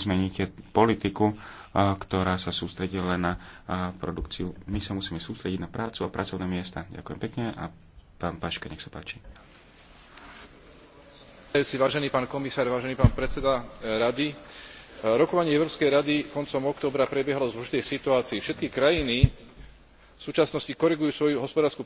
zmeníte politiku, ktorá sa sústredí len na produkciu. My sa musíme sústrediť na prácu a pracovné miesta. Ďakujem pekne a pán Paška, nech sa páči. Vážený pán komisár, vážený pán predseda e, rady, e, rokovanie Európskej rady koncom októbra prebiehalo v zložitej situácii. Všetky krajiny v súčasnosti korigujú svoju hospodársku